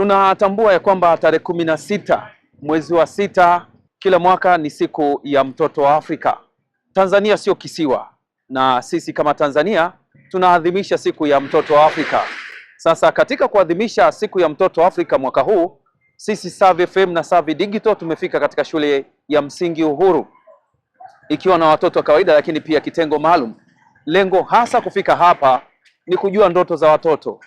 Tunatambua ya kwamba tarehe kumi na sita mwezi wa sita kila mwaka ni siku ya mtoto wa Afrika. Tanzania sio kisiwa, na sisi kama Tanzania tunaadhimisha siku ya mtoto wa Afrika. Sasa katika kuadhimisha siku ya mtoto wa Afrika mwaka huu, sisi Save FM na Save Digital tumefika katika shule ya msingi Uhuru ikiwa na watoto wa kawaida, lakini pia kitengo maalum. Lengo hasa kufika hapa ni kujua ndoto za watoto,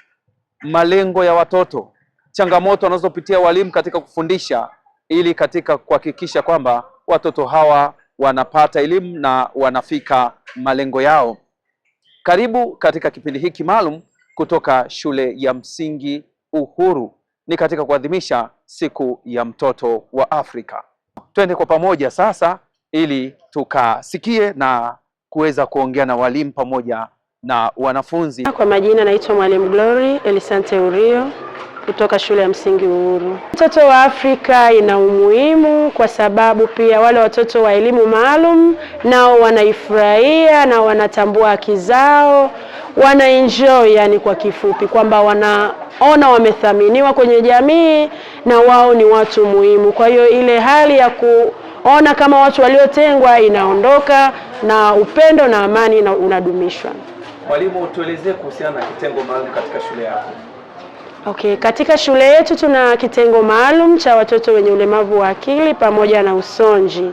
malengo ya watoto changamoto wanazopitia walimu katika kufundisha ili katika kuhakikisha kwamba watoto hawa wanapata elimu na wanafika malengo yao. Karibu katika kipindi hiki maalum kutoka shule ya msingi Uhuru, ni katika kuadhimisha siku ya mtoto wa Afrika. Twende kwa pamoja sasa ili tukasikie na kuweza kuongea na walimu pamoja na wanafunzi. Kwa majina naitwa Mwalimu Glory Elisante Urio kutoka shule ya msingi Uhuru. Watoto wa Afrika ina umuhimu kwa sababu pia wale watoto wa elimu maalum nao wanaifurahia na wanatambua haki zao, wana enjoy yani, kwa kifupi kwamba wanaona wamethaminiwa kwenye jamii na wao ni watu muhimu. Kwa hiyo ile hali ya kuona kama watu waliotengwa inaondoka na upendo na amani unadumishwa. Mwalimu, tuelezee kuhusiana na kitengo maalum katika shule yako. Okay, katika shule yetu tuna kitengo maalum cha watoto wenye ulemavu wa akili pamoja na usonji.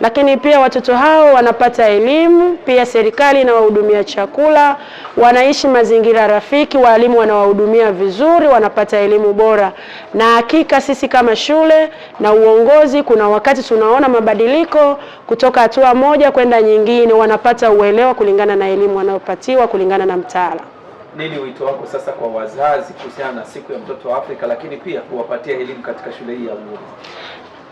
Lakini pia watoto hao wanapata elimu, pia serikali inawahudumia chakula, wanaishi mazingira rafiki, walimu wanawahudumia vizuri, wanapata elimu bora. Na hakika sisi kama shule na uongozi, kuna wakati tunaona mabadiliko kutoka hatua moja kwenda nyingine, wanapata uelewa kulingana na elimu wanayopatiwa kulingana na mtaala nini wito wako sasa kwa wazazi kuhusiana na siku ya mtoto wa Afrika, lakini pia kuwapatia elimu katika shule hii ya Uhuru?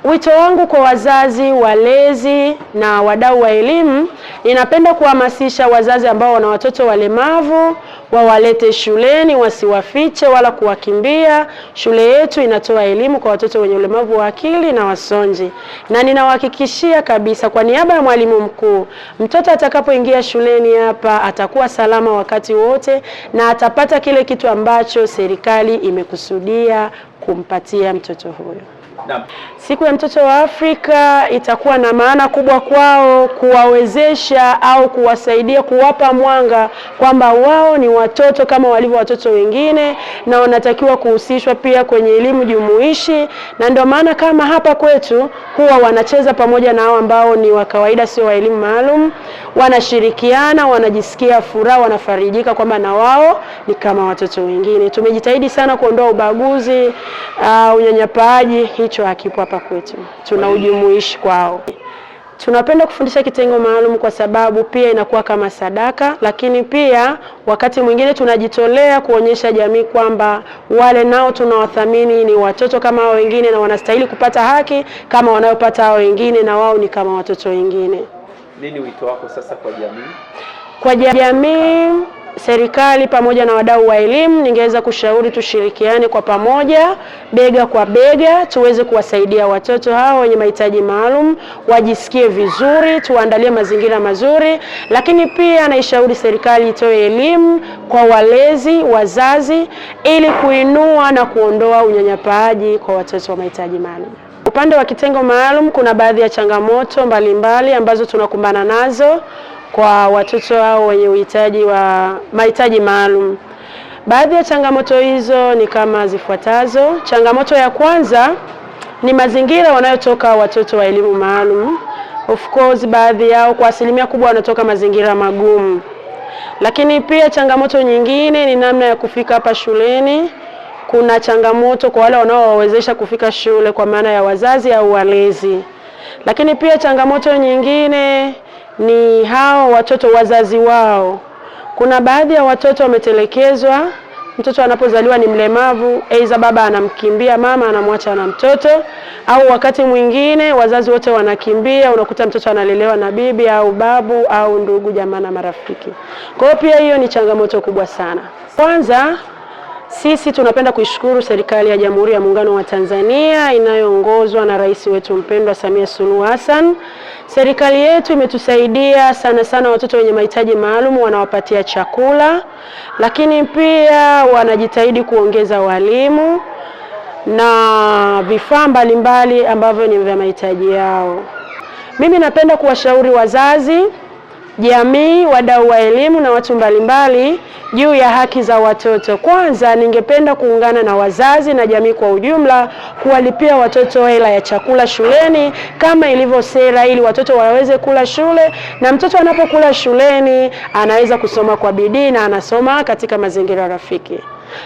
Wito wangu kwa wazazi, walezi na wadau wa elimu, ninapenda kuhamasisha wazazi ambao wana watoto walemavu wawalete shuleni, wasiwafiche wala kuwakimbia. Shule yetu inatoa elimu kwa watoto wenye ulemavu wa akili na wasonji, na ninawahakikishia kabisa kwa niaba ya mwalimu mkuu, mtoto atakapoingia shuleni hapa atakuwa salama wakati wote na atapata kile kitu ambacho serikali imekusudia kumpatia mtoto huyo. Siku ya mtoto wa Afrika itakuwa na maana kubwa kwao, kuwawezesha au kuwasaidia, kuwapa mwanga kwamba wao ni watoto kama walivyo watoto wengine, na wanatakiwa kuhusishwa pia kwenye elimu jumuishi, na ndio maana kama hapa kwetu huwa wanacheza pamoja na hao ambao ni wa kawaida, sio wa elimu maalum, wanashirikiana, wanajisikia furaha, wanafarijika kwamba na wao ni kama watoto wengine. Tumejitahidi sana kuondoa ubaguzi, uh, unyanyapaaji hicho hakipo hapa kwetu, tuna ujumuishi kwao. Tunapenda kufundisha kitengo maalum kwa sababu pia inakuwa kama sadaka, lakini pia wakati mwingine tunajitolea kuonyesha jamii kwamba wale nao tunawathamini, ni watoto kama hao wengine, na wanastahili kupata haki kama wanayopata hao wengine, na wao ni kama watoto wengine. Nini wito wako sasa kwa jamii? Kwa jamii serikali pamoja na wadau wa elimu, ningeweza kushauri tushirikiane kwa pamoja, bega kwa bega, tuweze kuwasaidia watoto hao wenye mahitaji maalum wajisikie vizuri, tuwaandalie mazingira mazuri. Lakini pia naishauri serikali itoe elimu kwa walezi, wazazi, ili kuinua na kuondoa unyanyapaaji kwa watoto wa mahitaji maalum. Upande wa kitengo maalum kuna baadhi ya changamoto mbalimbali mbali ambazo tunakumbana nazo kwa watoto hao wenye uhitaji wa mahitaji maalum. Baadhi ya changamoto hizo ni kama zifuatazo. Changamoto ya kwanza ni mazingira wanayotoka watoto wa elimu maalum. Of course, baadhi yao kwa asilimia kubwa wanatoka mazingira magumu, lakini pia changamoto nyingine ni namna ya kufika hapa shuleni. Kuna changamoto kwa wale wanaowawezesha kufika shule kwa maana ya wazazi au walezi, lakini pia changamoto nyingine ni hao watoto wazazi wao. Kuna baadhi ya watoto wametelekezwa, mtoto anapozaliwa ni mlemavu, aidha baba anamkimbia mama, anamwacha na mtoto, au wakati mwingine wazazi wote wanakimbia, unakuta mtoto analelewa na bibi au babu au ndugu jamaa na marafiki. Kwa hiyo pia hiyo ni changamoto kubwa sana. Kwanza sisi tunapenda kuishukuru serikali ya Jamhuri ya Muungano wa Tanzania inayoongozwa na rais wetu mpendwa Samia Suluhu Hassan Serikali yetu imetusaidia sana sana, watoto wenye mahitaji maalum wanawapatia chakula, lakini pia wanajitahidi kuongeza walimu na vifaa mbalimbali ambavyo ni vya mahitaji yao. Mimi napenda kuwashauri wazazi jamii, wadau wa elimu na watu mbalimbali juu ya haki za watoto. Kwanza, ningependa kuungana na wazazi na jamii kwa ujumla kuwalipia watoto hela ya chakula shuleni kama ilivyo sera, ili watoto waweze kula shule, na mtoto anapokula shuleni anaweza kusoma kwa bidii na anasoma katika mazingira rafiki.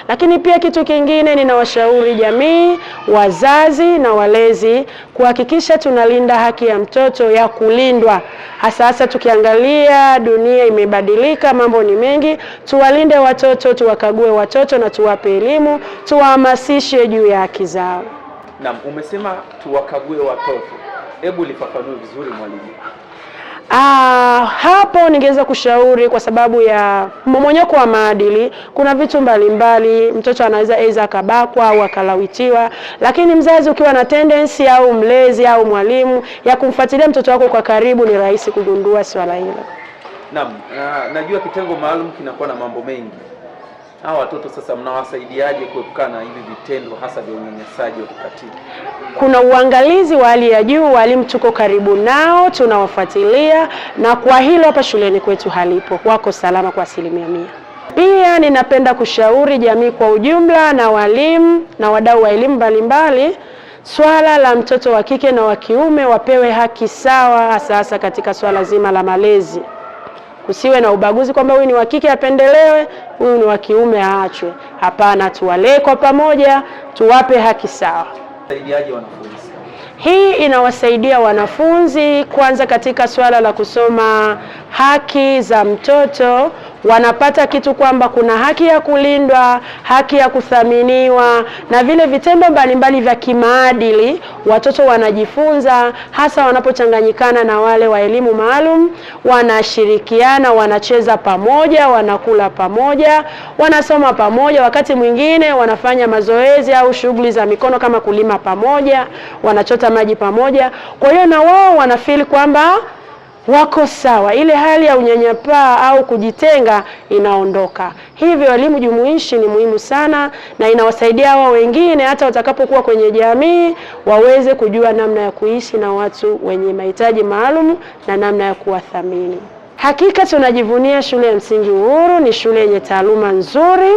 Lakini pia kitu kingine, ninawashauri jamii, wazazi na walezi kuhakikisha tunalinda haki ya mtoto ya kulindwa, hasa hasa tukiangalia dunia imebadilika, mambo ni mengi. Tuwalinde watoto, tuwakague watoto na tuwape elimu, tuwahamasishe juu ya haki zao. Naam, umesema tuwakague watoto, hebu lifafanue vizuri mwalimu. Ah, hapo ningeweza kushauri kwa sababu ya mmomonyoko wa maadili. Kuna vitu mbalimbali mbali, mtoto anaweza aidha akabakwa au akalawitiwa, lakini mzazi ukiwa na tendency au mlezi au mwalimu ya kumfuatilia mtoto wako kwa karibu, ni rahisi kugundua swala hilo. Naam, ah, najua kitengo maalum kinakuwa na mambo mengi hawa watoto sasa mnawasaidiaje kuepukana hivi vitendo hasa vya unyanyasaji wa kikatili? Kuna uangalizi wa hali ya juu, walimu tuko karibu nao, tunawafuatilia na kwa hilo hapa shuleni kwetu halipo, wako salama kwa asilimia mia. Pia ninapenda kushauri jamii kwa ujumla na walimu na wadau wa elimu mbalimbali swala la mtoto wa kike na wa kiume wapewe haki sawa, hasa hasa katika swala zima la malezi. Kusiwe na ubaguzi kwamba huyu ni wa kike apendelewe, huyu ni wa kiume aachwe. Hapana, tuwalee kwa pamoja, tuwape haki sawa. Hii inawasaidia wanafunzi kwanza katika suala la kusoma haki za mtoto wanapata kitu kwamba kuna haki ya kulindwa, haki ya kuthaminiwa na vile vitendo mbalimbali vya kimaadili watoto wanajifunza, hasa wanapochanganyikana na wale wa elimu maalum. Wanashirikiana, wanacheza pamoja, wanakula pamoja, wanasoma pamoja, wakati mwingine wanafanya mazoezi au shughuli za mikono kama kulima pamoja, wanachota maji pamoja. Kwa hiyo na wao wanafeel kwamba wako sawa, ile hali ya unyanyapaa au kujitenga inaondoka. Hivyo elimu jumuishi ni muhimu sana, na inawasaidia hao wengine hata watakapokuwa kwenye jamii waweze kujua namna ya kuishi na watu wenye mahitaji maalum na namna ya kuwathamini. Hakika tunajivunia shule ya msingi Uhuru. Ni shule yenye taaluma nzuri,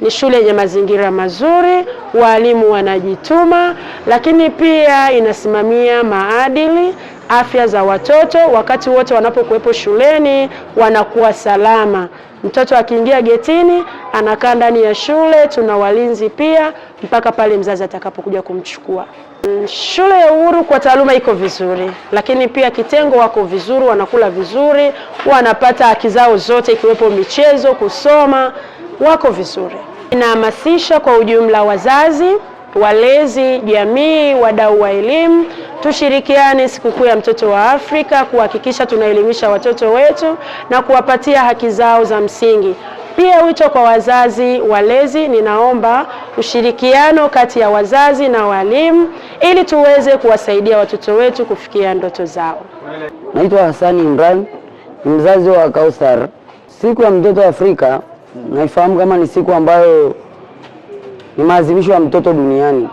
ni shule yenye mazingira mazuri, walimu wanajituma, lakini pia inasimamia maadili afya za watoto wakati wote wanapokuwepo shuleni, wanakuwa salama. Mtoto akiingia getini anakaa ndani ya shule, tuna walinzi pia mpaka pale mzazi atakapokuja kumchukua. Mm, shule ya Uhuru kwa taaluma iko vizuri, lakini pia kitengo wako vizuri, wanakula vizuri, wanapata haki zao zote ikiwepo michezo, kusoma, wako vizuri. Inahamasisha kwa ujumla wazazi walezi, jamii, wadau wa elimu tushirikiane sikukuu ya mtoto wa Afrika kuhakikisha tunaelimisha watoto wetu na kuwapatia haki zao za msingi. Pia wito kwa wazazi walezi, ninaomba ushirikiano kati ya wazazi na walimu ili tuweze kuwasaidia watoto wetu kufikia ndoto zao. Naitwa Hasani Imran, ni mzazi wa Kausar. Siku ya mtoto wa Afrika naifahamu kama ni siku ambayo ni maadhimisho ya mtoto duniani.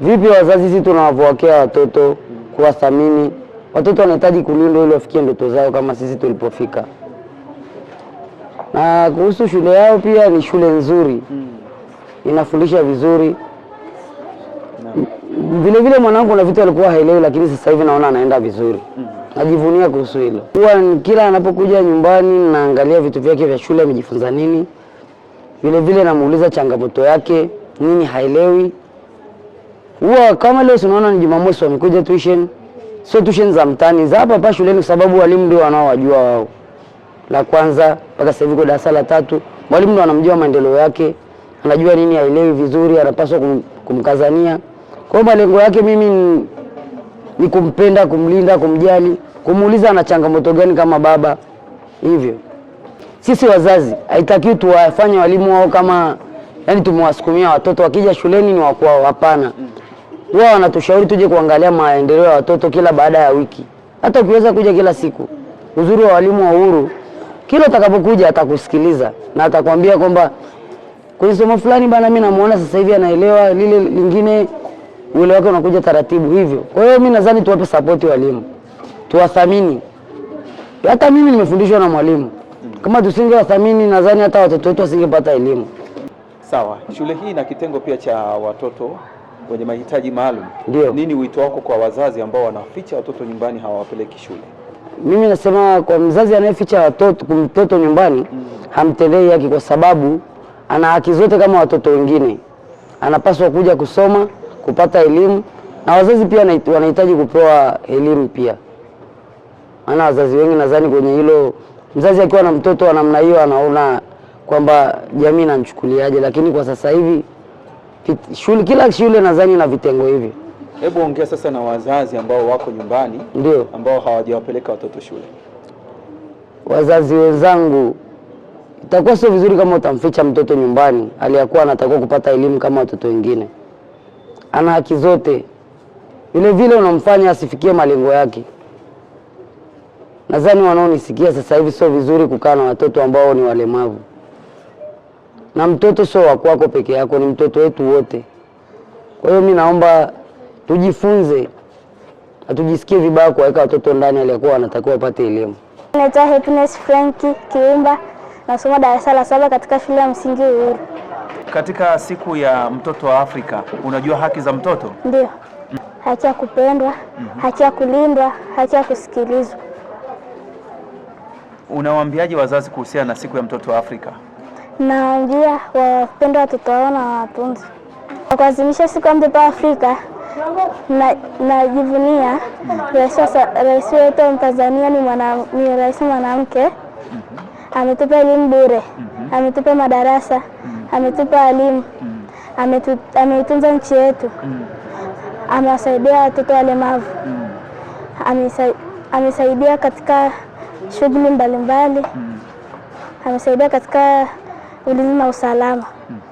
Vipi wazazi sisi tunawavokea watoto kuwathamini? Watoto wanahitaji kulindwa ili wafikie ndoto zao kama sisi tulipofika. Na kuhusu shule yao, pia ni shule nzuri, inafundisha vizuri vile vile. Mwanangu na vitu alikuwa haelewi, lakini sasa hivi naona anaenda vizuri, najivunia kuhusu hilo. Huwa kila anapokuja nyumbani, naangalia vitu vyake vya shule, amejifunza nini vile vile namuuliza changamoto yake nini, haelewi. Huwa kama leo unaona ni Jumamosi, wamekuja tuition, sio tuition za mtani, za hapa hapa shuleni, sababu walimu ndio wanaowajua wao. La kwanza mpaka sasa hivi kwa darasa la tatu, mwalimu ndio anamjua maendeleo yake, anajua nini haelewi vizuri, anapaswa kum, kumkazania. Kwa malengo yake mimi ni, ni kumpenda, kumlinda, kumjali, kumuuliza ana changamoto gani kama baba hivyo. Sisi wazazi haitakiwi tuwafanye walimu wao kama yani tumewasukumia watoto wakija shuleni ni wakwao. Hapana, wao wanatushauri tuje kuangalia maendeleo ya watoto kila baada ya wiki, hata ukiweza kuja kila siku. Uzuri wa walimu wa Uhuru, kila utakapokuja atakusikiliza na atakwambia kwamba kwenye somo fulani bana, mimi namuona sasa hivi anaelewa, lile lingine ule wake unakuja taratibu hivyo. Kwa hiyo mimi nadhani tuwape support walimu, tuwathamini. Hata mimi nimefundishwa na mwalimu kama tusingewathamini, nadhani hata watoto wetu wasingepata elimu. Sawa, shule hii ina kitengo pia cha watoto wenye mahitaji maalum. Ndio. Nini wito wako kwa wazazi ambao wanaficha watoto nyumbani hawawapeleki shule? Mimi nasema kwa mzazi anayeficha watoto mtoto nyumbani mm. hamtendei haki, kwa sababu ana haki zote kama watoto wengine. Anapaswa kuja kusoma, kupata elimu, na wazazi pia wanahitaji kupewa elimu pia, maana wazazi wengi nadhani kwenye hilo Mzazi akiwa na mtoto wa namna hiyo anaona kwamba jamii inamchukuliaje, lakini kwa sasa hivi shule, kila shule nadhani na vitengo hivi. Hebu ongea sasa na wazazi ambao wako nyumbani, ndio ambao hawajawapeleka watoto shule. Wazazi wenzangu, itakuwa sio vizuri kama utamficha mtoto nyumbani aliyakuwa anatakiwa kupata elimu kama watoto wengine. Ana haki zote, vile vile unamfanya asifikie malengo yake. Nadhani wanaonisikia sasa hivi, sio vizuri kukaa na watoto ambao ni walemavu, na mtoto sio wa kwako peke yako, ni mtoto wetu wote. Kwa hiyo mi naomba tujifunze, hatujisikie vibaya kuwaweka watoto ndani aliyokuwa wanatakiwa wapate elimu. Naitwa Happiness Franki Kiumba, nasoma darasa la saba katika shule ya msingi Uhuru. Katika siku ya mtoto wa Afrika, unajua haki za mtoto? Ndio, mm. haki ya kupendwa, mm -hmm. haki ya kulindwa, haki ya kusikilizwa Unawaambiaje wazazi kuhusiana na siku ya mtoto wa Afrika? Naambia wapende watoto wao na watunze. Kwa kuadhimisha siku ya mtoto wa Afrika, najivunia na rais wetu wa Tanzania ni, ni rais mwanamke -hmm. Ametupa elimu bure -hmm. Ametupa madarasa -hmm. Ametupa elimu -hmm. Ameitunza nchi yetu -hmm. Amewasaidia watoto walemavu -hmm. Amesaidia katika shughuli mbalimbali mm. Amesaidia katika ulinzi na usalama mm.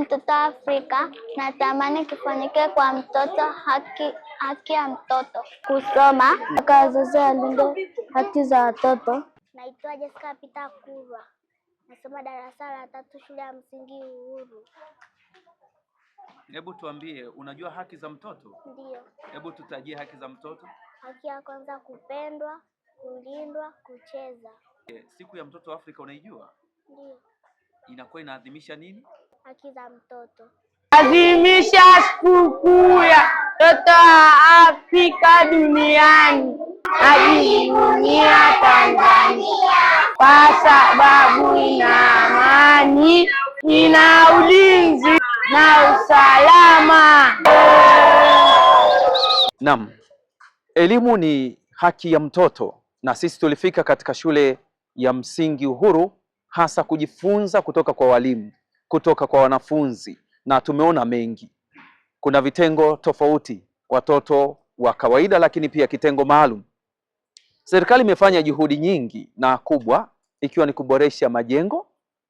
mtoto wa Afrika natamani kifanyike kwa mtoto haki, haki ya mtoto kusoma mm. Kwa wazazi walinde haki za watoto. Naitwa Jessica Pita Kurwa, nasoma darasa la tatu shule ya msingi Uhuru. Hebu tuambie, unajua haki za mtoto? Ndio. Hebu tutajie haki za mtoto. Haki ya kwanza kupendwa kulindwa, kucheza. E, siku ya mtoto wa Afrika unaijua? Ndio. Inakuwa inaadhimisha nini? Haki za mtoto. Adhimisha sikukuu ya mtoto wa Afrika duniani, akijivunia Tanzania kwa sababu ina amani, ina ulinzi na usalama. Naam, elimu ni haki ya mtoto na sisi tulifika katika shule ya msingi Uhuru hasa kujifunza kutoka kwa walimu, kutoka kwa wanafunzi, na tumeona mengi. Kuna vitengo tofauti, watoto wa kawaida, lakini pia kitengo maalum. Serikali imefanya juhudi nyingi na kubwa, ikiwa ni kuboresha majengo,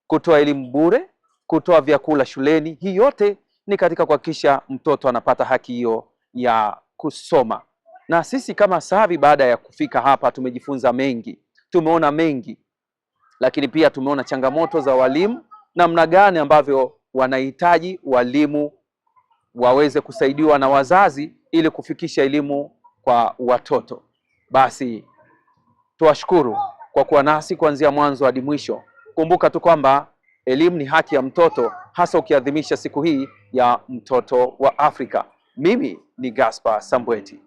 kutoa elimu bure, kutoa vyakula shuleni. Hii yote ni katika kuhakikisha mtoto anapata haki hiyo ya kusoma. Na sisi kama Savi, baada ya kufika hapa, tumejifunza mengi, tumeona mengi, lakini pia tumeona changamoto za walimu, namna gani ambavyo wanahitaji walimu waweze kusaidiwa na wazazi ili kufikisha elimu kwa watoto. Basi tuwashukuru kwa kuwa nasi kuanzia mwanzo hadi mwisho. Kumbuka tu kwamba elimu ni haki ya mtoto, hasa ukiadhimisha siku hii ya mtoto wa Afrika. Mimi ni Gaspar Sambweti.